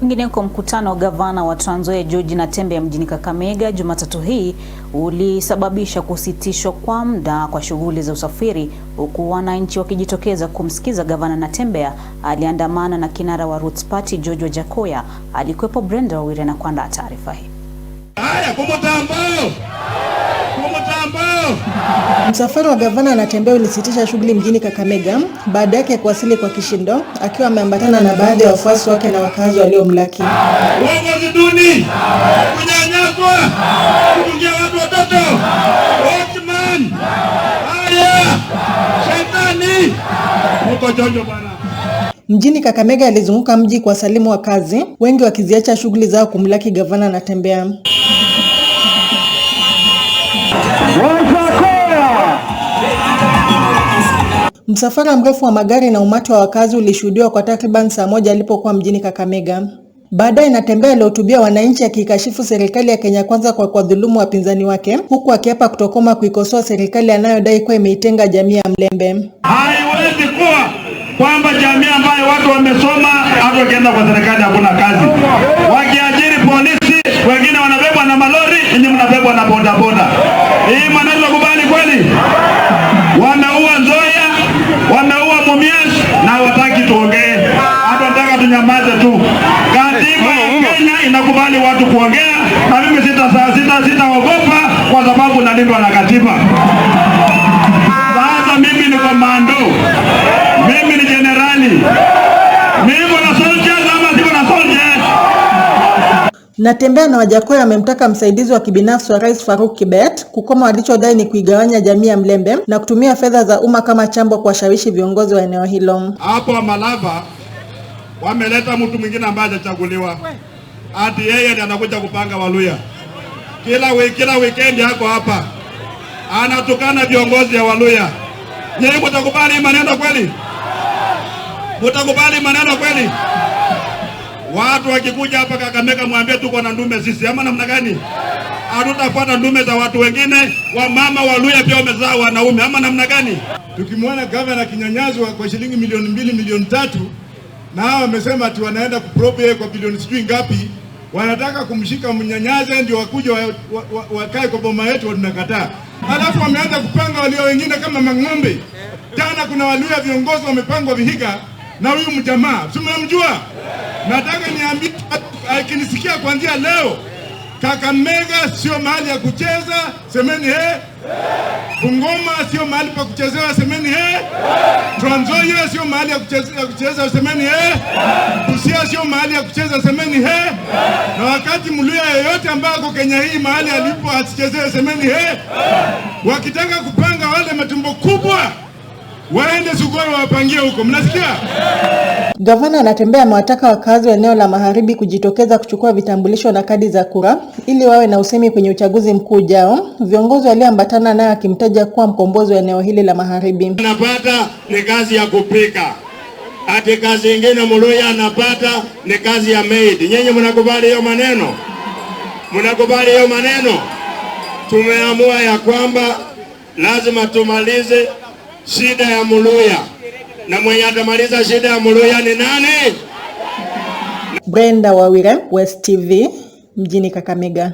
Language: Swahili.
Kwingineko, mkutano wa gavana wa Trans Nzoia George ya mjini Kakamega Jumatatu hii ulisababisha kusitishwa kwa muda kwa shughuli za usafiri, huku wananchi wakijitokeza kumsikiza gavana Natembeya. Aliandamana na kinara wa Roots Party George Wajackoya, alikuwepo Brenda Wawire na kuandaa taarifa hii. Haya, kumutambao kumutambao Msafara wa gavana Natembeya ulisitisha shughuli mjini Kakamega baada yake kuwasili kwa Kishindo akiwa ameambatana na baadhi ya wafuasi wake na wakazi waliomlaki. Uongozi duni, kunyanyaswa, kufungia watu watoto, watman, haya, shetani, uko jojo bwana. Mjini Kakamega alizunguka mji kwa salimu wakazi, wengi wakiziacha shughuli zao kumlaki gavana Natembeya. Msafara mrefu wa magari na umati wa wakazi ulishuhudiwa kwa takriban saa moja alipokuwa mjini Kakamega. Baadaye Natembeya alihutubia wananchi akiikashifu serikali ya Kenya Kwanza kwa kuwadhulumu wapinzani wake huku akiapa kutokoma kuikosoa serikali anayodai kuwa imeitenga jamii ya Mlembe. Haiwezi kuwa kwamba jamii ambayo watu wamesoma, hata wakienda kwa serikali hakuna kazi, wakiajiri polisi, wengine wanabebwa na malori, ninyi mnabebwa na bodaboda. kuongea na mimi sitaogopa sita, sita kwa sababu nalindwa na katiba. Sasa mimi ni komando, mimi ni jenerali, mimi na soldiers ama siko na soldiers. Natembea na Wajackoya amemtaka msaidizi wa kibinafsi wa Rais Faruk Kibet kukoma walichodai ni kuigawanya jamii ya Mlembe na kutumia fedha za umma kama chambo kuwashawishi viongozi wa eneo hilo. Hapo Malava wameleta mtu mwingine ambaye hajachaguliwa ati yeye ndiye anakuja kupanga Waluya. Kila wiki, kila weekend yako hapa anatukana viongozi ya Waluya. Nyinyi mtakubali maneno kweli? Mtakubali maneno kweli? Watu wakikuja hapa Kakamega, mwambie tuko na ndume sisi, ama namna gani? Hatutafuata ndume za watu wengine. Wamama Waluya pia wamezaa wanaume, ama namna gani? Tukimwona gavana akinyanyazwa kwa shilingi milioni mbili, milioni tatu, na hawa wamesema ati wanaenda kuprobe kwa bilioni sijui ngapi wanataka kumshika mnyanyaze, ndio wakuja wakae wa, wa, wa kwa boma yetu, tunakataa. Halafu wameanza kupanga walio wengine kama mang'ombe. tana kuna Waluya viongozi wamepangwa Vihiga na huyu mjamaa, si Nataka niambie akinisikia kuanzia leo Kakamega sio mahali ya kucheza, semeni he. Bungoma sio mahali pa kuchezewa, semeni he. Trans Nzoia sio mahali ya kucheza, semeni he. Busia sio mahali ya kucheza, semeni he. Na wakati Mluya yeyote ambaye ako Kenya hii mahali alipo asichezee, semeni he. Wakitaka kupanga wale matumbo kubwa waende Sugoi wawapangie huko, mnasikia? Gavana anatembea amewataka wakazi wa eneo la magharibi kujitokeza kuchukua vitambulisho na kadi za kura ili wawe na usemi kwenye uchaguzi mkuu ujao, viongozi walioambatana naye akimtaja kuwa mkombozi wa eneo hili la magharibi. Anapata ni kazi ya kupika, ati kazi ingine Muluya anapata ni kazi ya maid. Nyinyi mnakubali hiyo maneno? Mnakubali hiyo maneno? Tumeamua ya kwamba lazima tumalize shida ya Muluya, na mwenye atamaliza shida ya Muluya ni nani? Brenda Wawira, West TV, mjini Kakamega.